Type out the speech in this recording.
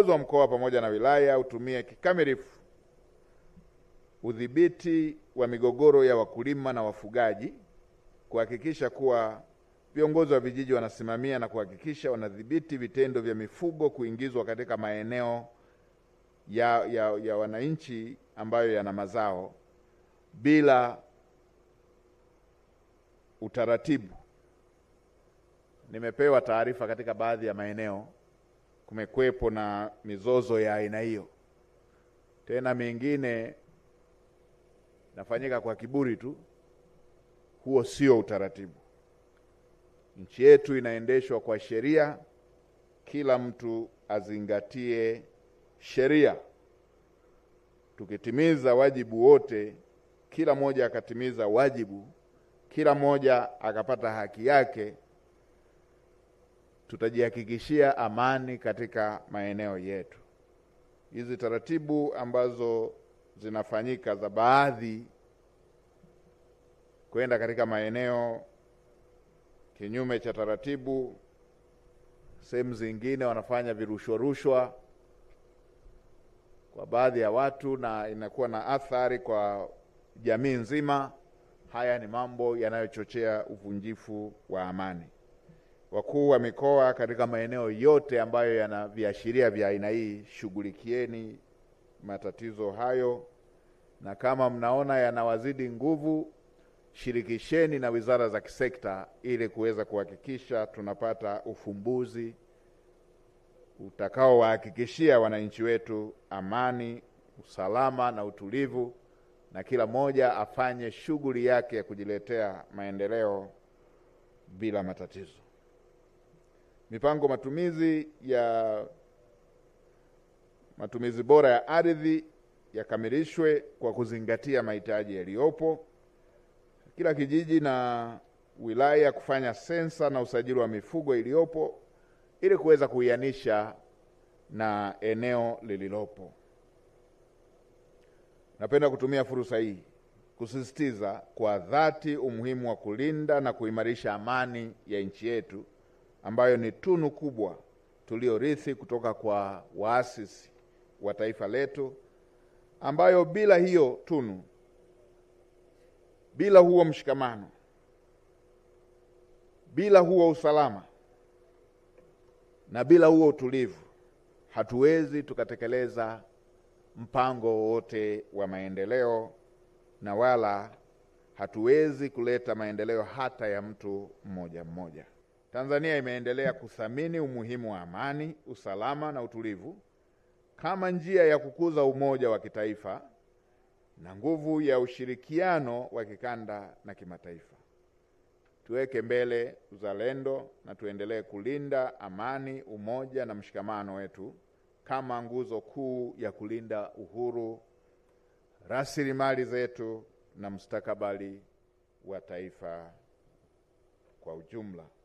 uongozi wa mkoa pamoja na wilaya utumie kikamilifu udhibiti wa migogoro ya wakulima na wafugaji, kuhakikisha kuwa viongozi wa vijiji wanasimamia na kuhakikisha wanadhibiti vitendo vya mifugo kuingizwa katika maeneo ya, ya, ya wananchi ambayo yana mazao bila utaratibu. Nimepewa taarifa katika baadhi ya maeneo kumekwepo na mizozo ya aina hiyo, tena mingine nafanyika kwa kiburi tu. Huo sio utaratibu. Nchi yetu inaendeshwa kwa sheria, kila mtu azingatie sheria. Tukitimiza wajibu wote, kila mmoja akatimiza wajibu, kila mmoja akapata haki yake tutajihakikishia amani katika maeneo yetu. Hizi taratibu ambazo zinafanyika za baadhi kwenda katika maeneo kinyume cha taratibu, sehemu zingine wanafanya virushwa rushwa kwa baadhi ya watu, na inakuwa na athari kwa jamii nzima. Haya ni mambo yanayochochea uvunjifu wa amani wakuu wa mikoa katika maeneo yote ambayo yana viashiria vya aina hii, shughulikieni matatizo hayo, na kama mnaona yanawazidi nguvu, shirikisheni na wizara za kisekta ili kuweza kuhakikisha tunapata ufumbuzi utakaowahakikishia wananchi wetu amani, usalama na utulivu, na kila mmoja afanye shughuli yake ya kujiletea maendeleo bila matatizo mipango matumizi ya matumizi bora ya ardhi yakamilishwe kwa kuzingatia mahitaji yaliyopo. Kila kijiji na wilaya kufanya sensa na usajili wa mifugo iliyopo ili kuweza kuianisha na eneo lililopo. Napenda kutumia fursa hii kusisitiza kwa dhati umuhimu wa kulinda na kuimarisha amani ya nchi yetu ambayo ni tunu kubwa tuliorithi kutoka kwa waasisi wa taifa letu, ambayo bila hiyo tunu, bila huo mshikamano, bila huo usalama na bila huo utulivu, hatuwezi tukatekeleza mpango wowote wa maendeleo na wala hatuwezi kuleta maendeleo hata ya mtu mmoja mmoja. Tanzania imeendelea kuthamini umuhimu wa amani, usalama na utulivu kama njia ya kukuza umoja wa kitaifa na nguvu ya ushirikiano wa kikanda na kimataifa. Tuweke mbele uzalendo na tuendelee kulinda amani, umoja na mshikamano wetu kama nguzo kuu ya kulinda uhuru, rasilimali zetu na mustakabali wa taifa kwa ujumla.